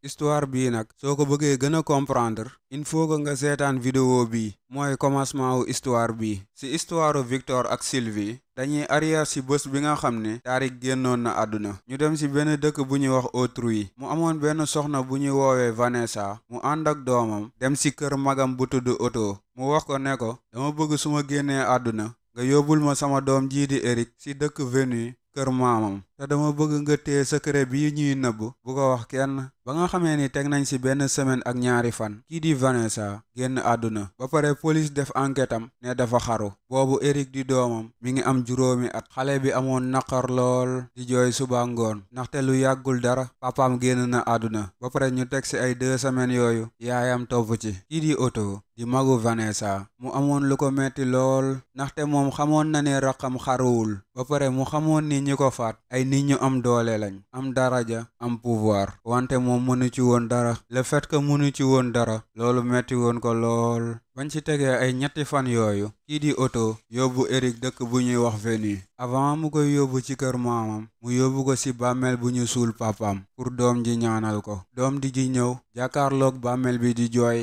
histoire bii nag soo ko bëggee gën a comprendre il faut que nga seetaan vidéo bii mooy commencement wu histoire bi si histoire Victor ak Sylvie dañuy arrière si bés bi nga xam ne Tariq génnoon na àdduna ñu dem si benn dëkk bu ñuy wax Autrui mu amoon benn soxna bu ñuy woowee Vanessa mu ànd ak doomam dem si kër magam bu tudd oto mu wax ko ne ko dama bëgg suma génnee àdduna nga yóbbul ma sama doom jii di Eric si dëkk Venu kër maamam te dama bëgg nga téye secret bii ñuy nëbb bu ko wax kenn ba nga xamee ni teg nañ ci benn semaine ak ñaari fan kii di Vanessa génn àdduna ba pare police def enquête am ne dafa xaru boobu Eric di doomam mi ngi am juróomi at xale bi amoon naqar lool di jooy suba ngoon ndaxte lu yàggul dara papaam génn na àdduna ba pare ñu teg ci ay deux semaines yooyu yaayam topp ci kii di Otto di magu Vanessa mu amoon lu ko metti lool ndaxte moom xamoon na ne raqam xaruwul ba nit ñu am doole lañ am daraja am pouvoir wante moom mënu ci woon dara le fait que mënu ci woon dara loolu metti woon ko lool bañ ci tegee ay ñetti fan yooyu kii di oto yóbbu Eric dëkk bu ñuy wax Venise avant mu koy yóbbu ci kër maamam mu yóbbu ko ci bàmmeel bu ñu suul papaam pour doom ji ñaanal ko doom di ji ñëw jàkkaarloog bàmmeel bi di jooy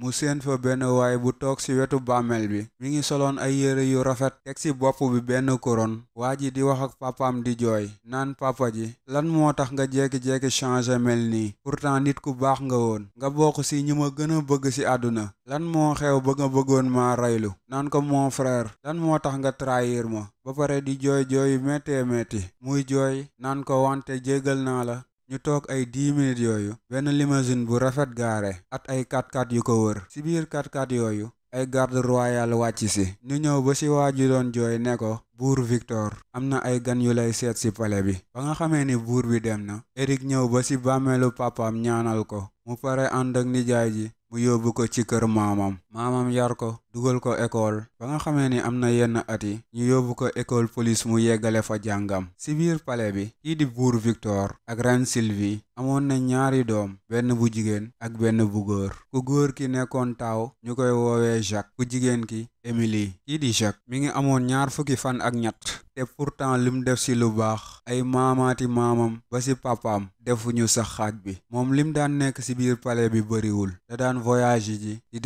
mu seen fa benn waay bu toog ci wetu bàmmeel bi mi ngi soloon ay yëre yu rafet teg ci bopp bi benn couronne waa ji di wax ak papaam di jooy naan papa ji lan moo tax nga jékki-jékki changé mel nii pourtant nit ku baax nga woon nga bokk ci ñu ma gën a bëgg ci àdduna lan moo xew ba nga bëggoon maa raylu naan ko mon frère lan moo tax nga trahir ma ba pare di jooy jooyu mettee metti muy jooy naan ko wante jégal naa la ñu toog ay 10 minutes yooyu benn limousine bu rafet gaare at ay 4 x yu ko wër si biir 4 x yooyu ay garde royal wàcc si ñu ñëw ba si waa ji doon jooy ne ko buur Victor am na ay gan yu lay seet si palais bi ba nga xamee ni buur bi dem na Eric ñëw ba si bàmmeelu papaam ñaanal ko mu pare ànd ak nijaay ji mu yóbbu ko ci kër maamam maamam yar ko dugal ko école ba nga xamee ni am na yenn at yi ñu yóbbu ko école police mu yeggale fa jàngam ci biir pale bi kii di buur Victor ak reine Sylvie amoon na ñaari doom benn bu jigéen ak benn bu góor ku góor ki nekkoon taaw ñu koy woowee Jacques ku jigéen ki Émilie kii di Jacques mi ngi amoon ñaar fukki fan ak ñett te pourtant li mu def ci lu baax ay maamaati maamam ba ci papaam defuñu sax xaaj bi moom lim daan nekk ci biir pale bi bëriwul da daan voyage ji di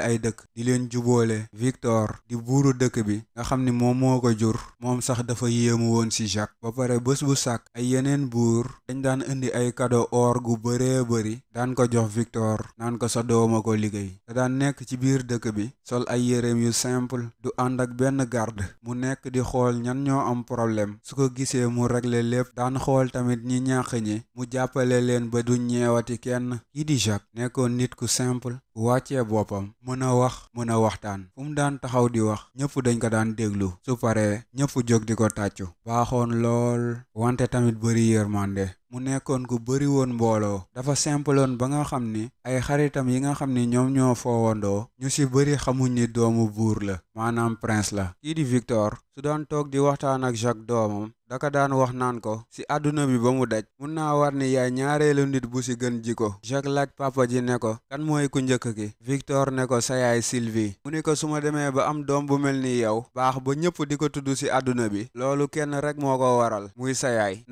ay dëkk di leen juboole Victor di buuru dëkk bi nga xam ni moom moo ko jur moom sax dafa yéemu woon ci Jacques ba pare bés bu sàkk ay yeneen buur dañ daan indi ay cadeau or gu bëree bëri daan ko jox Victor naan ko sa dooma ko liggéey te daan nekk ci biir dëkk bi sol ay yéreem yu simple du ànd ak benn gàrd mu nekk di xool ñan ñoo am problème su ko gisee mu regle lépp daan xool tamit ñi ñàq ñi mu jàppale leen ba du ñeewati kenn kii di Jacques nekkoon nit ku simple wàccee boppam mën a wax mën a waxtaan fu mu daan taxaw di wax ñëpp dañ ko daan déglu su paree ñëpp jóg di ko tàccu baaxoon lool wante tamit bëri yërmande mu nekkoon ku bari woon mbooloo dafa simploon ba nga xam ni ay xaritam yi nga xam ni ñoom ñoo foowandoo ñu ci bëri xamuñ ni doomu buur la maanaam prince la kii di Victor su daan toog di waxtaan ak Jacques doomam daka daan wax naan ko ci adduna bi ba mu daj mun naa war ni yaay ñaareelu nit bu ci gën ji ko Jacques laj papa ji ne ko kan mooy ku njëkk ki Victor ne ko sa yaay Sylvie mu ne ko su ma demee ba am doom bu mel ni yow baax ba ñëpp di ko tudd ci àdduna bi loolu kenn rek moo ko waral muy sa yaay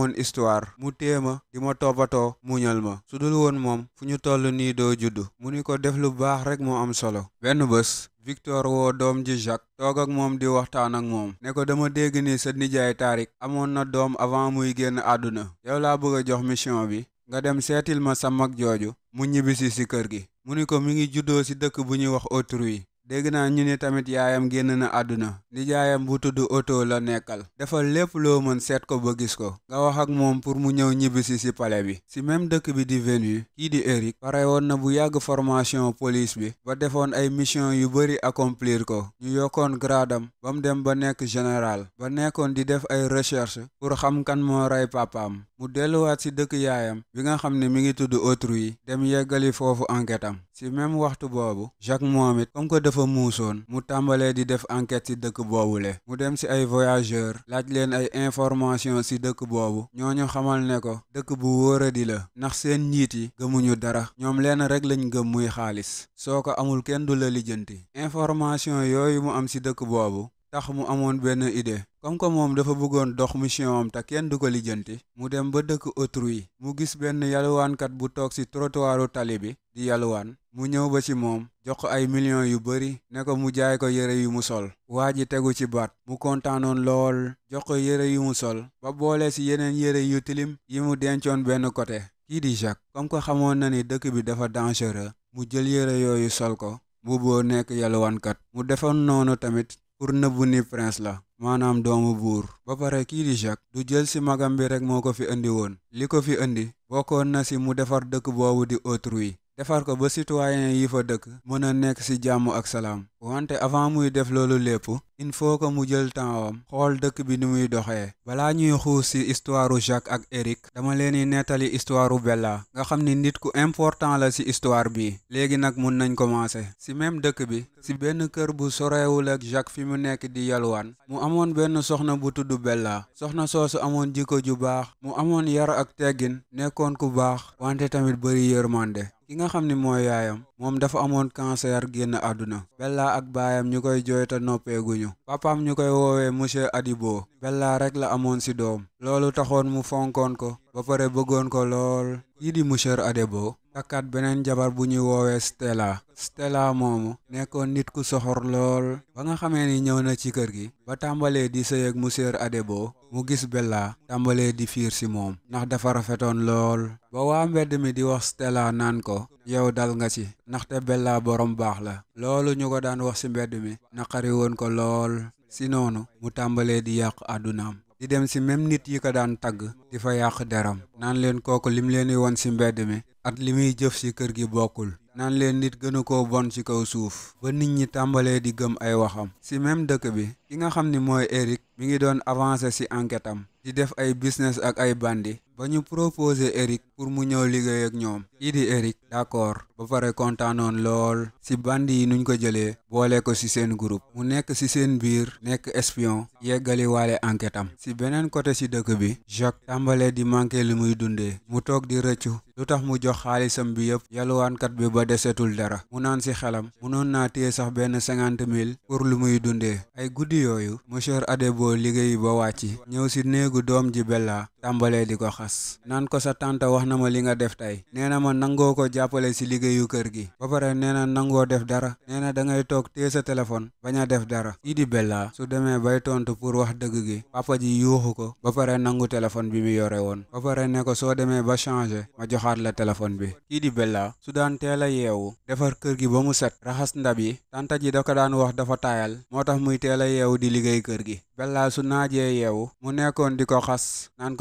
amoon histoire mu téye ma di ma toppatoo muñal ma su dul woon moom fu ñu toll nii doo juddu mu ni ko def lu baax rek moo am solo benn bés Victor woo doom ji Jacques toog ak moom di waxtaan ak moom ne ko dama dégg ni sa nijaay Tariq amoon na doom avant muy génn àdduna yow laa bëgg a jox mission bi nga dem seetil ma sa mag jooju mu ñibbisi si kër gi mu ni ko mi ngi juddoo si dëkk bu ñuy wax autrui dégg naa ñu ni tamit yaayam génn na àdduna nijaayam bu tudd oto la nekkal defal lépp loo mën seet ko ba gis ko nga wax ak moom pour mu ñëw ñibbisi si pale bi si même dëkk bi di Venu kii di Eric pare woon na bu yàgg formation police bi ba defoon ay mission yu bëri accomplir ko ñu yokkoon gradam ba mu dem ba nekk général ba nekkoon di def ay recherche pour xam kan moo rey papaam mu delluwaat ci dëkk yaayam bi nga xam ne mi ngi tudd yi dem yeggali foofu enquête am ci même waxtu boobu Jacques moom it comme que dafa muusoon mu tàmbalee di def enquête ci dëkk boobu le mu dem ci ay voyageur laaj leen ay information ci dëkk boobu ñoo ñu xamal ne ko dëkk bu wóoradi la ndax seen njiit yi gëmuñu dara ñoom leen rek lañ gëm muy xaalis soo ko amul kenn du la lijjanti information yooyu mu am ci dëkk boobu ndax mu amoon benn idée comme que moom dafa bëggoon dox mission te kenn du ko lijjanti mu dem ba dëkk autrui mu gis benn yalwaankat bu toog ci trottoiru tali bi di yalwaan mu ñëw ba ci moom jox ko ay millions yu bari ne ko mu jaay ko yére yu mu sol waa ji tegu ci baat mu kontaanoon lool jox ko yére yu mu sol ba boole ci yeneen yére yu tilim yi mu dencoon benn côté kii di Jacques comme que xamoon na ni dëkk bi dafa dangereux mu jël yére yooyu sol ko bu boo nekk yalwaankat mu defoon noonu tamit pour nëbbu ni prince la maanaam doomu buur ba pare kii di Jacques du jël ci magam bi rekk moo ko fi indi woon li ko fi indi bokkoon na si mu defar dëkk boobu di Autrui defar ko ba citoyen yi fa dëkk mën a nekk ci jàmm ak salaam wante avant muy def loolu lépp il faut que mu jël temps xool dëkk bi ni muy doxee balaa ñuy xuus ci histoire Jacques ak Eric dama leen di nettali histoire Bella nga xam ni nit ku important la ci istoire bi léegi nag mun nañ commencer ci même dëkk bi ci benn kër bu sorewul ak Jacques fi mu nekk di yalwaan mu amoon benn soxna bu tudd Bella soxna soo soosu amoon jikko ju baax mu amoon yar ak teggin nekkoon ku baax wante tamit bëri yërmande ki nga xam ni mooy yaayam moom dafa amoon cancer génn àdduna Bella ak baayam ñu koy jooyta noppeeguñu papaam ñu koy woowee monsieur Adibo Bella rek la amoon si doom loolu taxoon mu fonkoon ko ba pare bëggoon ko lool kii di monsieur Adibo takkaat beneen jabar bu ñuy woowee Stella Stella moomu nekkoon nit ku soxor lool ba nga xamee ni ñëw na ci kër gi ba tàmbalee di sëy ak monsieur Adebo mu gis Bella tàmbalee di fiir si moom ndax dafa rafetoon lool ba waa mbedd mi di wax Stella naan ko yow dal nga ci ndaxte Bella borom baax la loolu ñu ko daan wax si mbedd mi naqari woon ko lool si noonu mu tàmbalee di yàq àddunaam di dem si même nit yi ko daan tagg di fa yàq deram naan leen kooku lim leen di woon si mbedd ak li muy jëf ci kër gi bokkul naan leen nit gënu ko bon ci kaw suuf ba nit ñi tàmbalee di gëm ay waxam ci même dëkk bi ki nga xam ni mooy Eric mi ngi doon avancer ci enquête am di def ay business ak ay bandi ba ñu proposé Eric pour mu ñëw liggéey ak ñoom kii di Eric d'accord ba pare kontaanoon lool ci bandi yi nuñ ko jëlee boole ko ci seen groupe mu nekk ci seen biir nekk espion yeggali waale am ci beneen côté ci dëkk bi Jacques tàmbalee di manqué li muy dundee mu toog di rëccu lu tax mu jox xaalisam bi yëpp yalwaankat bi ba deseetul dara mu naan si xelam munoon naa téye sax benn cinquante mille pour lu muy dundee ay guddi yooyu monsieur Adebo liggéey ba wàcci ñëw si néegu doom ji Bella tàmbalee di ko xas naan ko sa tante wax na ma li nga def tey nee na ma nangoo ko jàppale si liggéeyu kër gi ba pare nee na nangoo def dara nee na da ngay toog téye sa téléphone bañ a def dara kii di Bella su demee bay tontu pour wax dëgg gi papa ji yuuxu ko ba pare nangu téléphone bi mu yore woon ba pare ne ko soo demee ba changé ma joxaat la téléphone bi kii di Bella su daan teel a yeewu defar kër gi ba mu set raxas ndab yi tante ji da ko daan wax dafa taayal moo tax muy teel a yeewu di liggéey kër gi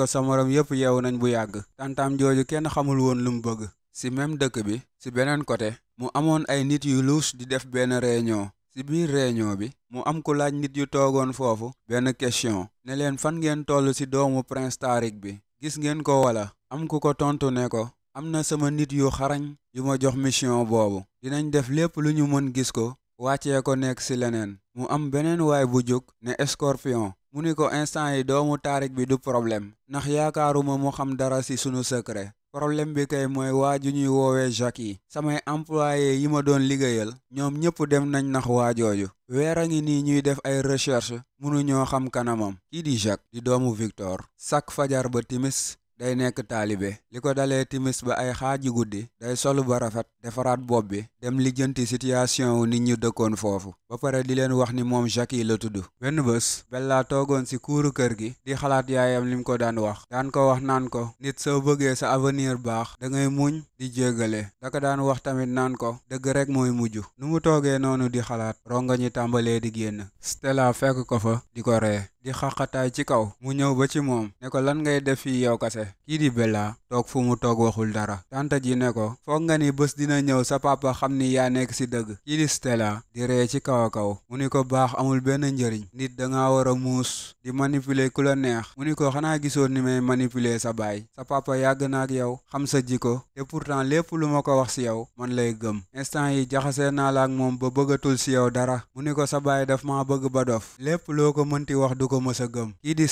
sa morom yëpp yeewu nañ bu yàgg tantaam jooju kenn xamul woon lu mu bëgg si même dëkk bi si beneen côté mu amoon ay nit yu luus di def benn réunion si biir réunion bi mu am ku laaj nit yu toogoon foofu benn question ne leen fan ngeen toll si doomu prince Taric bi gis ngeen ko wala am ku ko tontu ne ko am na sama nit yu xarañ yu ma jox mission boobu dinañ def lépp lu ñu mën gis ko wàccee ko nekk si leneen mu am beneen waay bu jóg ne escorpion mu ni ko instant yi doomu taarik bi du problème ndax yaakaaruma mu xam dara si sunu secret problème bi kay mooy waa ju ñuy woowee Jacques yi samay employé yi ma doon liggéeyal ñoom ñëpp dem nañ ndax waajooju weer a ngi nii ñuy def ay recherche mënuñoo xam kanamam kii di Jacques di doomu Victor sak fajar ba timis day nekk taalibe li ko dalee timis ba ay xaaji guddi day solu ba rafet defaraat bopp bi dem lijjanti situation wu nit ñu dëkkoon foofu ba pare di leen wax ni moom Jacky la tudd benn bés Bella toogoon ci kuuru kër gi di xalaat yaayam li mu ko daan wax daan ko wax naan ko nit soo bëggee sa avenir baax da ngay muñ di jéggale da ko daan wax tamit naan ko dëgg rek mooy mujj nu mu toogee noonu di xalaat ronga ñu tàmbalee di génn Stella fekk ko fa di ko ree di xaqataay ci kaw mu ñëw ba ci moom ne ko lan ngay def fii yow kase kii di Bella toog fu mu toog waxul dara tànta ji ne ko foog nga ni bés dina ñëw sa papa xam ni yaa nekk si dëgg kii di Stella di ree ci kaw a kaw mu ni ko baax amul benn njëriñ nit danga war a muus di manipuler ku la neex mu ni ko xanaa gisoon ni may manipuler sa baay sa papa yàgg na ak yow xam sa jiko te pourtant lépp lu ma ko wax si yow man lay gëm instant yi jaxasee naa la ak moom ba bëggatul si yow dara mu ni ko sa baay daf ma bëgg ba dof lépp loo ko mënti wax du ko mës a gëm kii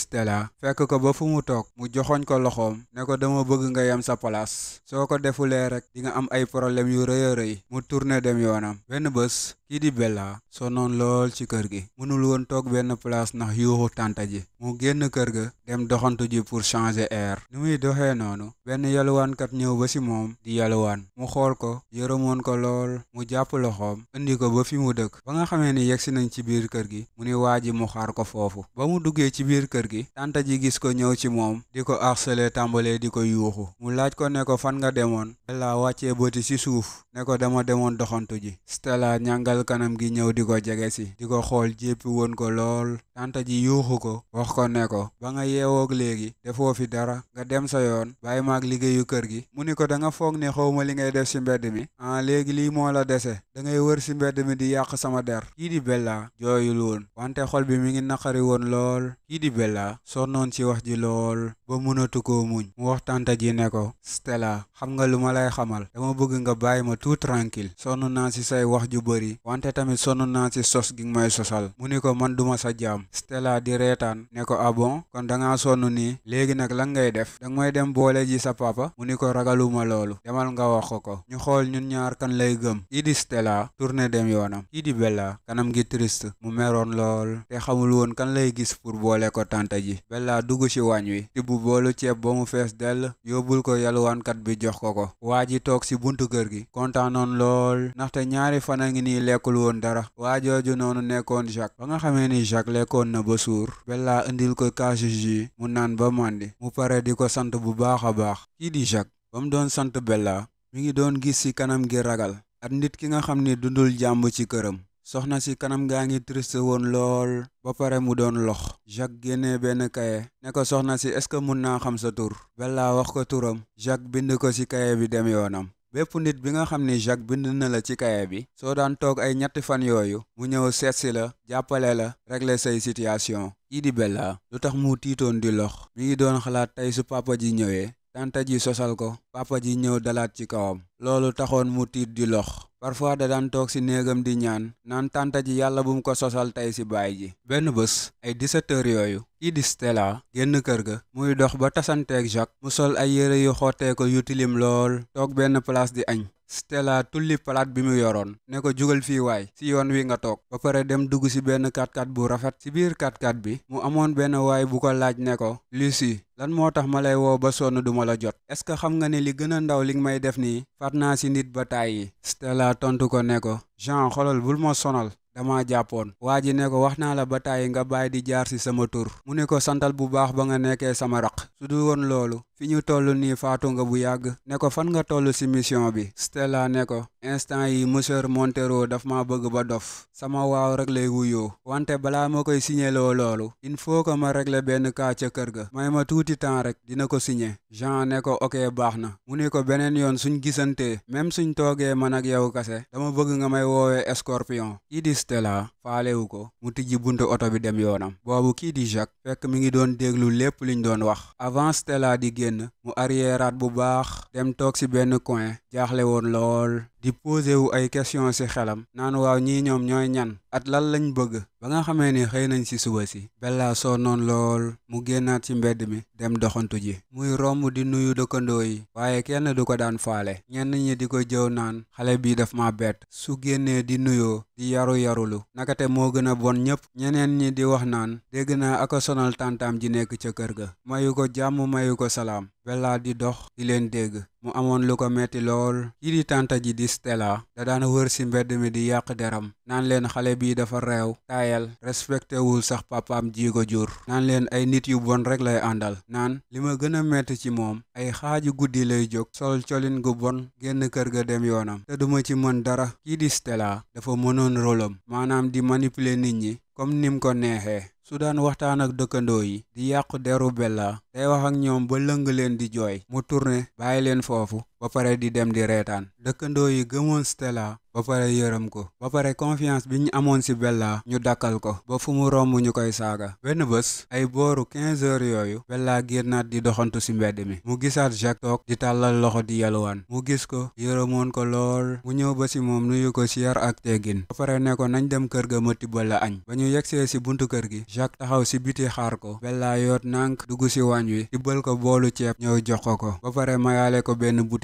fekk ko ba fu mu toog mu joxoñ ko loxoom bëgg nga yem sa place soo ko defulee rek di nga am ay problème yu rëy a rëy mu tourné dem yoonam benn bés kii di Bella sonoon lool ci kër gi mënul woon toog benn place ndax yuuxu tànta ji mu génn kër ga dem doxantu ji pour changer air ni muy doxee noonu benn yalwaankat ñëw ba ci moom di yalwaan mu xool ko yërëmoon ko lool mu jàpp loxoom indi ko ba fi mu dëkk ba nga xamee ni yegsi nañ ci biir kër gi mu ni waa ji mu xaar ko foofu ba mu duggee ci biir kër gi tànta ji gis ko ñëw ci moom di ko harceler tàmbalee di ko yuuxu mu laaj ko ne ko fan nga demoon Bella wàccee bëti ci suuf ne ko demoon doxantu ji xel kanam gi ñëw di ko jege si di ko xool jéppi woon ko lool tànta ji yuuxu ko wax ko ne ko ba nga yeewoog léegi defoo fi dara nga dem sa yoon bàyyi maak liggéeyu kër gi mu ni ko da nga foog ne xawma li ngay def si mbedd mi ah léegi lii moo la dese da ngay wër si mbedd mi di yàq sama der kii di Bella jooyul woon wante xol bi mu ngi naqari woon lool kii di Bella sonnoon ci wax ji lool ba mënatu ko muñ mu wax tànta ji ne ko Stella xam nga lu ma lay xamal wante tamit sonn naa ci sos gi may sosal mu ni ko man duma sa jaam Stella di reetaan ne ko abon ah kon dangaa sonn nii léegi nag lan ngay def danga may dem boole ji sa papa mu ni ko ragaluma loolu demal nga wax ko ko ñu xool ñun ñaar kan lay gëm kii di Stella tourné dem yoonam kii di Bella kanam gi triste mu meroon lool te xamul woon kan lay gis pour boole ko tante ji Bella dugg ci waañ wi tibb boolu ceeb ba mu fees dell yóbbul ko yalwaankat bi jox ko ko waa ji toog ci buntu kër gi lekkul woon dara waa jooju noonu nekkoon Jacques ba nga xamee ni Jacques lekkoon na ba suur Bella indil ko kaasu jus mu naan ba màndi mu pare di ko sant bu baax a baax kii di Jacques ba doon sant Bella mi ngi doon gis ci kanam gi ragal ak nit ki nga xam ni dundul jàmm ci këram soxna si kanam gaa ngi triste woon lool ba pare mu doon lox Jacques génnee benn kaye ne ko soxna si est-ce que mun naa xam sa tur Bella wax ko turam Jacques bind ko ci kaye bi dem yoonam bépp nit bi nga xam ni Jacques bind na la ci kaye bi soo daan toog ay ñetti fan yooyu mu ñëw seetsi la jàppale la régler say situation kii di Bella lu tax mu tiitoon di lox mi ngi doon xalaat tey su papa ji ñëwee tante ji sosal ko papa ji ñëw dalaat ci kawam loolu taxoon mu tiit di lox parfois da daan toog si néegam di ñaan naan tante ji yàlla bum ko sosal tey si baay ji benn bés ay 17 yooyu kii di Stella génn kër ga muy dox ba tasanteeg Jacques mu sol ay yére yu xottee ko yu tilim lool toog benn place di añ Stella tulli palaat bi mu yoroon ne ko jugal fi waay si yoon wi nga toog ba pare dem dugg si benn 4 x bu rafet ci biir 4 x bi mu amoon benn waay bu ko laaj ne ko Lucie lan moo tax ma lay woo ba sonn duma la jot est-ce que xam nga ne li gën a ndaw li may def nii faat naa si nit ba tàyyi Stella tontu ko ne ko Jean xolal bul ma sonal dama jàppoon waa ji ne ko wax naa la ba tàyyi nga bàyyi di jaar si sama tur mu ne ko santal bu baax ba nga nekkee sama raq su du woon loolu fi ñu toll nii faatu nga bu yàgg ne ko fan nga toll si mission bi Stella ne ko instant yi monsieur Montero dafa ma bëgg ba dof sama waaw rek lay wuyoo wante balaa ma koy signeloo loolu il faut que ma régler benn kaa ca kër ga may ma tuuti temps rek dina ko signé Jean ne ko ok baax na mu ne ko beneen yoon suñ gisantee même suñ toogee man ak yow kase dama bëgg nga may woowee escorpion kii di Stella faalewu ko mu tijji buntu oto bi dem yoonam boobu kii di Jacques fekk mi ngi doon déglu lépp liñ doon na mu arriéraat bu baax dem toog ci benn coin jaaxle woon lool di posé wu ay question ci xelam naan waaw ñii ñoom ñooy ñan at lan lañ bëgg ba nga xamee ni xëy nañ ci suba si Bella noon lool mu génnaat ci mbedd mi dem doxantu ji muy romb di nuyu dëkkandoo yi waaye kenn du ko daan faale ñenn ñi di ko jëw naan xale bi daf ma bett su génnee di nuyoo di yaru yarulu nakate moo gën a bon ñëpp ñeneen ñi di wax naan dégg naa ak sonal tantaam ji nekk ca kër ga mayu ko jàmm mayu ko salaam Bella di dox di leen dégg mu amoon lu ko metti lool kii di tànta ji di Stella da daan wër ci mbedd mi di yàq deram naan leen xale bii dafa réew taayal respecté wul sax papaam ji ko jur naan leen ay nit yu bon rek lay àndal naan li ma gën a metti ci moom ay xaaju guddi lay jóg sol colin gu bon génn kër ga dem yoonam te duma ci mën dara kii di Stella dafa mënoon rôlam maanaam di manipuler nit ñi comme ni mu ko neexee su daan waxtaan ak dëkkandoo yi di yàqu deru Bella day wax ak ñoom ba lëng leen di jooy mu tourné bàyyi leen foofu ba pare di dem di reetaan dëkkandoo yi gëmoon Stella ba pare yërëm ko ba pare confiance bi ñu amoon ci Bella ñu dakkal ko ba fu mu romb ñu koy saaga benn bés ay booru 15 heures yooyu Bella génnaat di doxantu ci mbedd mi mu gisaat Jacques toog di tàllal loxo di yalwaan mu gis ko yërëmoon ko lool mu ñëw ba ci moom nuyu ko ci yar ak teggin ba pare ne ko nañ dem kër ga ma tibbal añ ba ñu yegsee ci buntu kër gi Jacques taxaw ci biti xaar ko Bella yoot nànk dugg ci waañ wi ko boolu ceeb ñëw jox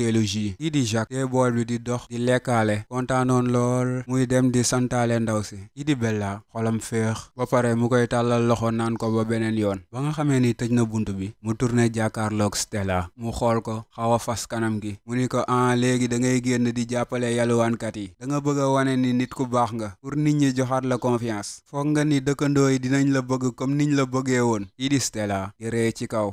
butéelu jus kii di Jacques bi di dox di lekkaale kontaanoon lool muy dem di santaale ndaw si kii di Bella xolam féex ba pare mu koy tàllal loxo naan ko ba beneen yoon ba nga xamee ni tëj na bunt bi mu tourné jàkkaarloog Stella mu xool ko xaw a fas kanam gi mu ni ko ah léegi da ngay génn di jàppale yalwaankat yi da nga bëgg a wane ni nit ku baax nga pour nit ñi joxaat la confiance foog nga ni dëkkandoo yi dinañ la bëgg comme niñ la bëggee woon kii Stella di ree ci kaw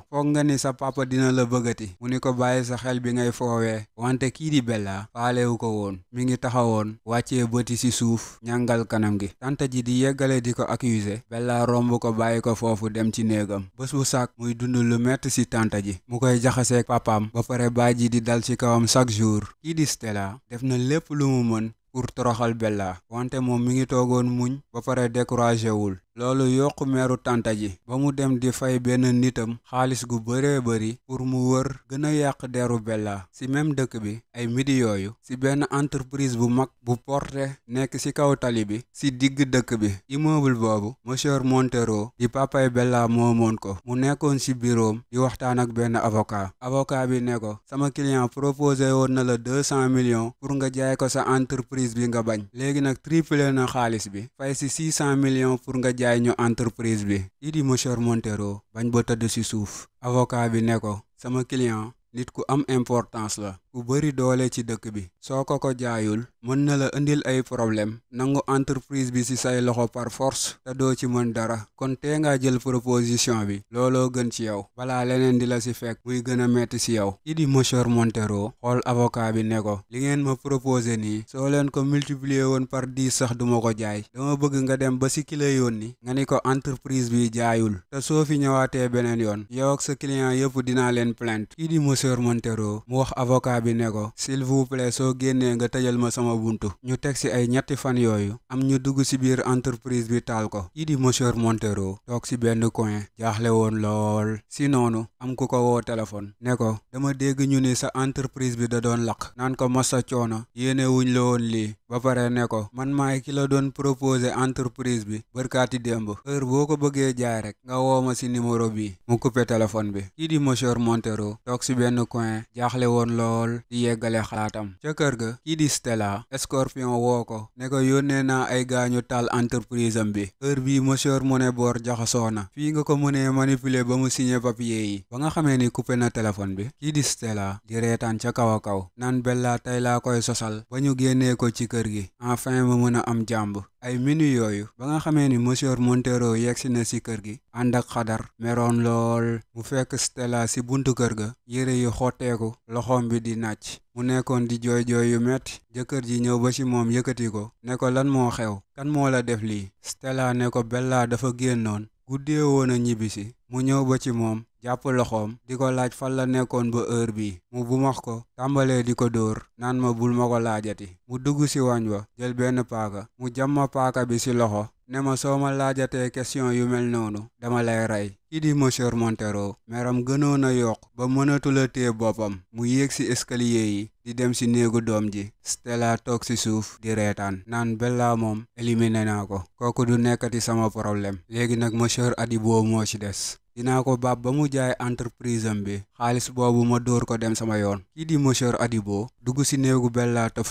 woowee wante kii di Bella faalewu ko woon mi ngi taxawoon wàccee bëti ci suuf ñàngal kanam gi tante ji di yeggale di ko accuser Bella romb ko bàyyi ko foofu dem ci néegam bés bu sàkk muy dund lu mett ci tante ji mu koy jaxasee papaam ba pare baay ji di dal ci kawam chaque jour kii di Stella def na lépp lu mu mën pour toroxal Bella wante moom mi ngi toogoon muñ ba pare découragé wul loolu yokku meeru tànta ji ba mu dem di fay benn nitam xaalis gu bëree bëri pour mu wër gën a yàq deru Bella ci même dëkk bi ay midi yooyu ci benn entreprise bu mag bu porte nekk ci kaw tali bi ci digg dëkk bi immeuble boobu monsieur Montero di papay Bella moomoon ko mu nekkoon ci biroom di waxtaan ak benn avoca avoca bi ne ko sama client proposé woon na la deux cent millions pour nga jaay ko sa entreprise bi nga bañ léegi nag triplé na xaalis bi fay ci six jaay ñu entreprise bi kii di monsieur Montero bañ ba tëdd ci suuf avocat bi ne ko sama client nit ku am importance la ku bëri doole ci dëkk bi soo ko ko jaayul mën na la indil ay problème nangu entreprise bi si say loxo par force te doo ci mën dara kon tee ngaa jël proposition bi looloo gën ci yow balaa leneen di la ci fekk muy gën a metti ci yow ki di monsieur Montero xool avocat bi ne ko li ngeen ma proposé nii soo leen ko multiplier woon par dix sax duma ko jaay dama bëgg nga dem ba ci ki yoon yónni nga ni ko entreprise bi jaayul te soo fi ñëwaatee beneen yoon yow sa client yëpp dinaa leen plainte ki di monsieur état bi ne ko s'il vous soo génnee nga tëjal ma sama buntu ñu teg si ay ñetti fan yooyu am ñu dugg si biir entreprise bi taal ko kii di monsieur Montero toog si benn coin jaaxle woon lool si noonu am ku ko woo téléphone ne ko dama dégg ñu ni sa entreprise bi da doon lakk naan ko massa coono yéene wuñ la woon lii ba pare ne ko man maay ki la doon proposé entreprise bi bërkaati démb heure boo ko bëggee jaay rek nga woo ma si numéro bi mu coupé téléphone bi kii lool di yeggale xalaatam ca kër ga kii di Stella Scorpion woo ko ne ko yónnee naa ay gaañu taal entreprise am bi heure bii monsieur Moneyboard jaxasoo na fii nga ko mënee manipuler ba mu signé papier yi ba nga xamee ni coupé na téléphone bi kii di Stella di reetaan ca kaw a kaw naan Bella tey laa koy sosal ba ñu génnee ko ci kër gi enfin mu mën a am jàmb ay minu yooyu ba nga xamee ni monsieur Montero yegsi na ci kër gi ànd ak xadar meroon lool mu fekk Stella ci buntu kër ga naaj mu nekkoon di jooy jooy yu metti jëkkër ji ñëw ba ci moom yëkkati ko ne ko lan moo xew kan moo la def lii Stella ne ko Bella dafa génnoon guddee woon a ñibbisi mu ñëw ba ci moom jàpp loxoom di ko laaj fan la nekkoon ba heure bii mu bumax ko tàmbalee di ko dóor naan ma bul ma ko laajati mu dugg ci waañ wa jël benn paaka mu jàmma paaka bi ci loxo ne ma soo ma laajatee question yu mel noonu dama lay rey kii di monsieur Montero meram gënoon a yokk ba mënatula téye boppam mu yéeg ci escalier yi di dem ci néegu doom ji Stella toog ci suuf di reetaan naan Bella moom éliminé naa ko kooku du nekkati sama problème léegi nag monsieur Adibo moo ci des dinaa ko baab ba mu jaay entreprise am bi xaalis boobu ma dóor ko dem sama yoon kii di monsieur Adibo dugg ci néegu Bella te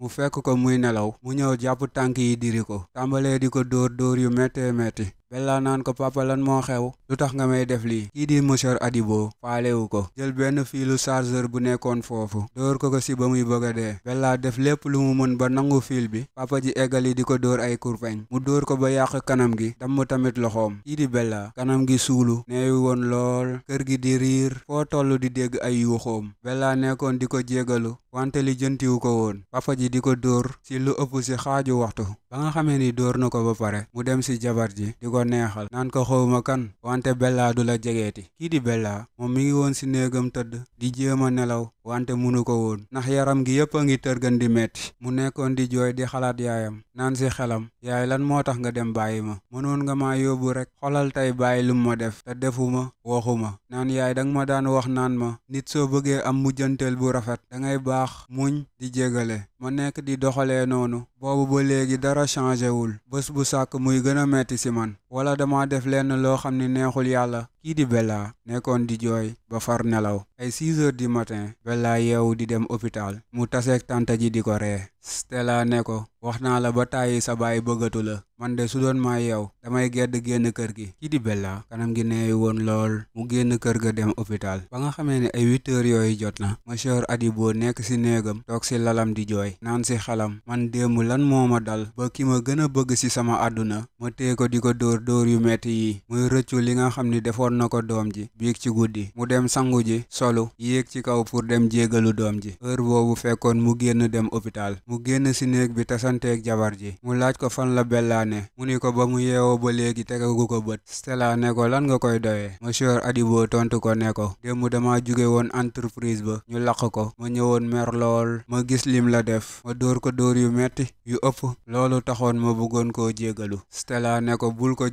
mu fekk ko muy nelaw mu ñëw jàpp tànk yi diri ko tàmbalee di ko dóor dóor yu méttee métti Bella naan ko papa moo xew lu tax nga may def lii kii di monsieur Adibo faalewu ko jël benn fiilu chargeur bu nekkoon foofu dóor ko ko si ba muy bëgg a dee Bella def lépp lu mu mën ba nangu fiil bi papa ji eggali di ko dóor ay kurpeñ mu dóor ko ba yàq kanam gi damm tamit loxoom kii di Bella kanam gi suulu neewi woon lool kër gi di riir foo toll di dégg ay yuuxoom Bella nekkoon di ko jégalu wante li jëntiwu ko woon papa ji di ko dóor ci lu ëpp si xaaju waxtu ba nga xamee ni dóor na ko ba pare mu dem si jabar ji ko neexal naan ko xawma kan wante Bella du la jegeeti kii di Bella moom mi ngi woon ci néegam tëdd di jéem a nelaw wante munu ko woon ndax yaram gi yépp a ngi tërgan di metti mu nekkoon di jooy di xalaat yaayam naan ci xelam yaay lan moo tax nga dem bàyyi ma mënoon nga ma yóbbu rek xolal tey bàyyi lu ma def te defuma waxuma naan yaay danga ma daan wax naan ma nit soo bëggee am mujjanteel bu rafet dangay baax muñ di jégale ma nekk di doxalee noonu boobu ba wul bés bu sàkk gën a metti wala dama def lenn loo xam ni neexul yàlla kii di Bella nekkoon di jooy ba far nelaw ay 6 heures di matin Bella yeewu di dem hôpital mu taseeg tante ji di ko ree Stella ne ko wax naa la ba tàyyi sa baay bëggatu la man de su doon maa yow damay gedd génn kër gi kii di Bella kanam gi neewi woon lool mu génn kër ga dem hôpital ba nga xamee ne ay 8 yooyu jot na ma monsieur Adibo nekk ci néegam toog ci lalam di jooy naan ci xalam man démb lan moo ma dal ba ki ma gën a bëgg ci sama àdduna ma yu metti woon na ko doom ji biig ci guddi mu dem sangu ji solu yéeg ci kaw pour dem jéegalu doom ji heure boobu fekkoon mu génn dem hôpital mu génn si néeg bi tasanteeg jabar ji mu laaj ko fan la ne mu ni ko ba mu yeewoo ba léegi tegagu ko bët Stella ne ko lan nga koy doyee monsieur Adibo tontu ko ne ko démb dama jóge woon entreprise ba ñu laq ko ma ñëwoon mer lool ma gis lim la def ma dóor ko dóor yu metti yu ëpp loolu taxoon ma bëggoon koo jégalu Stella ne ko bul ko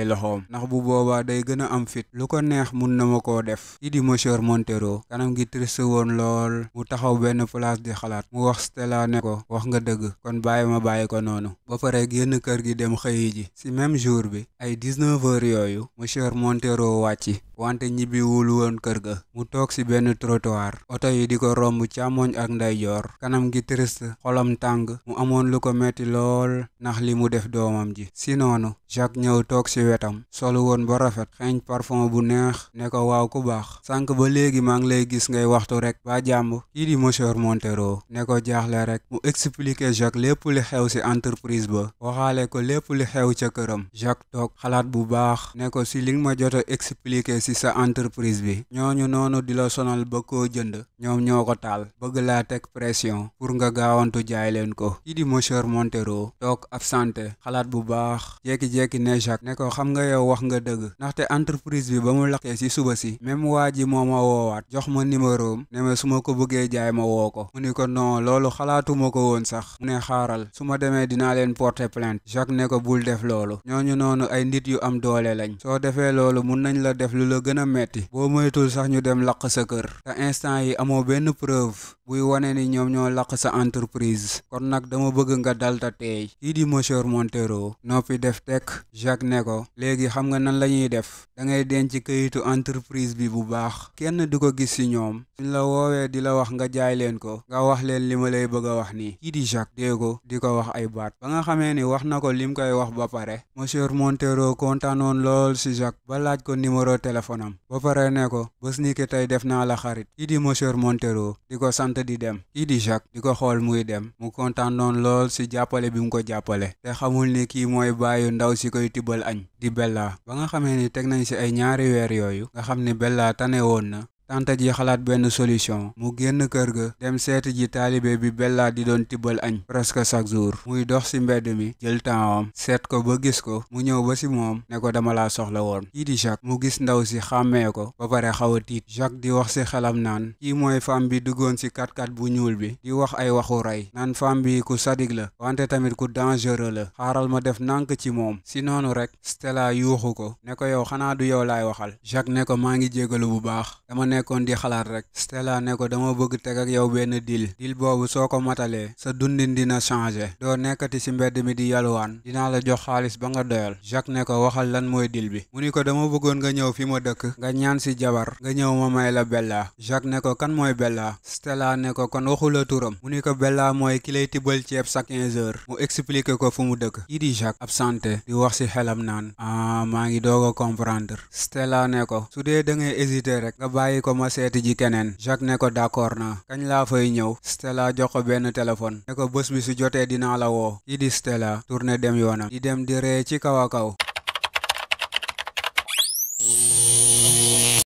ay loxoom ndax bu boobaa day gën a am fit lu ko neex mun na ma koo def kii di monsieur Montero kanam gi triste woon lool mu taxaw benn place di xalaat mu wax Stella ne ko wax nga dëgg kon bàyyi ma bàyyi ko noonu ba pare génn kër gi dem xëyi ji ci même jour bi ay 19 yooyu monsieur Montero wàcci wante ñibbiwul woon kër ga mu toog ci benn trottoir oto yi di ko romb càmmoñ ak ndeyjoor kanam gi triste xolam tàng mu amoon lu ko metti lool ndax li mu def doomam ji si noonu Jacques ñëw toog ci wetam solu woon ba rafet xeeñ parfum bu neex ne ko waaw ku baax sànq ba léegi maa ngi lay gis ngay waxtu rek ba jàmb kii di monsieur Montero ne ko jaaxle rek mu expliquer Jacques lépp li xew ci entreprise ba waxaale ko lépp li xew ca këram Jacques toog xalaat bu baax si sa entreprise bi ñoo ñooñu noonu di la sonal ba koo jënd ñoom ñoo ko taal bëgg laa teg pression pour nga gaawantu jaay leen ko kii di monsieur Montero toog absenté xalaat bu baax jékki-jékki ne Jacques ne ko xam nga yow wax nga dëgg ndaxte entreprise bi ba mu laqee si suba si même waa ji moo ma woowaat jox ma numéroom ne su ma ko bëggee jaay ma woo ko mu ni ko non loolu xalaatuma ko woon sax mu ne xaaral su ma demee dinaa leen porter plainte Jacques ne ko bul def loolu la gën a metti boo moytul sax ñu dem laq sa kër te instant yi amoo benn preuve buy wane ni ñoom ñoo laq sa entreprise kon nag dama bëgg nga dalta ta teey kii di monsieur Montero noppi def tekk Jacques ne ko léegi xam nga nan la ñuy def da ngay denc këyitu entreprise bi bu baax kenn du ko gis ci ñoom suñ la woowee di la wax nga jaay leen ko nga wax leen li ma lay bëgg a wax nii kii di Jacques déego di ko wax ay baat ba nga xamee ni wax na ko lim koy wax ba téléphone am ba pare ne ko bés ni ki tey def naa la xarit kii di monsieur Montero di ko sant di dem kii di Jacques di ko xool muy dem mu kontaan noonu lool si jàppale bi mu ko jàppale te xamul ni kii mooy bàyyu ndaw si koy tibbal añ di Bella ba nga xamee ni teg nañ si ay ñaari weer yooyu nga xam ni Bella tane woon na tante ji xalaat benn solution mu génn kër ga dem seeti ji taalibe bi Bella di doon tibbal añ presque chaque jour muy dox ci mbedd mi jël tempsam seet ko ba gis ko mu ñëw ba ci moom ne ko dama laa soxla woon kii di Jacques mu gis ndaw si xàmmee ko ba pare xaw a tiit Jacques di wax ci xelam naan kii mooy femme bi duggoon ci kat-kat bu ñuul bi di wax ay waxu rey naan femme bi ku sadik la wante tamit ku dangereux la xaaral ma def nànk ci moom si noonu rek Stella yuuxu ko ne ko xanaa du yow laay waxal Jacques bu baax nekkoon di xalaat rek Stella ne ko dama bëgg teg ak yow benn dil boobu soo ko matalee sa dundin dina changé doo nekkati si mbedd mi di yalwaan dinaa la jox xaalis ba nga doyal Jacques ne ko waxal lan mooy dil bi mu ni ko dama bëggoon nga ñëw fi ma dëkk nga ñaan si jabar nga ñëw ma may la Bella Jacques ne ko kan mooy Bella Stella ne ko kon waxula turam mu ni ko Bella mooy ki lay tibbal ceeb chaque quinze heures mu expliqué ko fu mu dëkk kii di Jacques absenté di wax si xelam naan ah maa ngi doog a comprendre ko ma seeti ji keneen Jacques né ko d'accord na kañ laa fay ñëw Stella jox ko benn téléphone ne ko bés bi su jotee dinaa la woo kii di Stella tourné dem yoonam di dem di ree ci kaw a kaw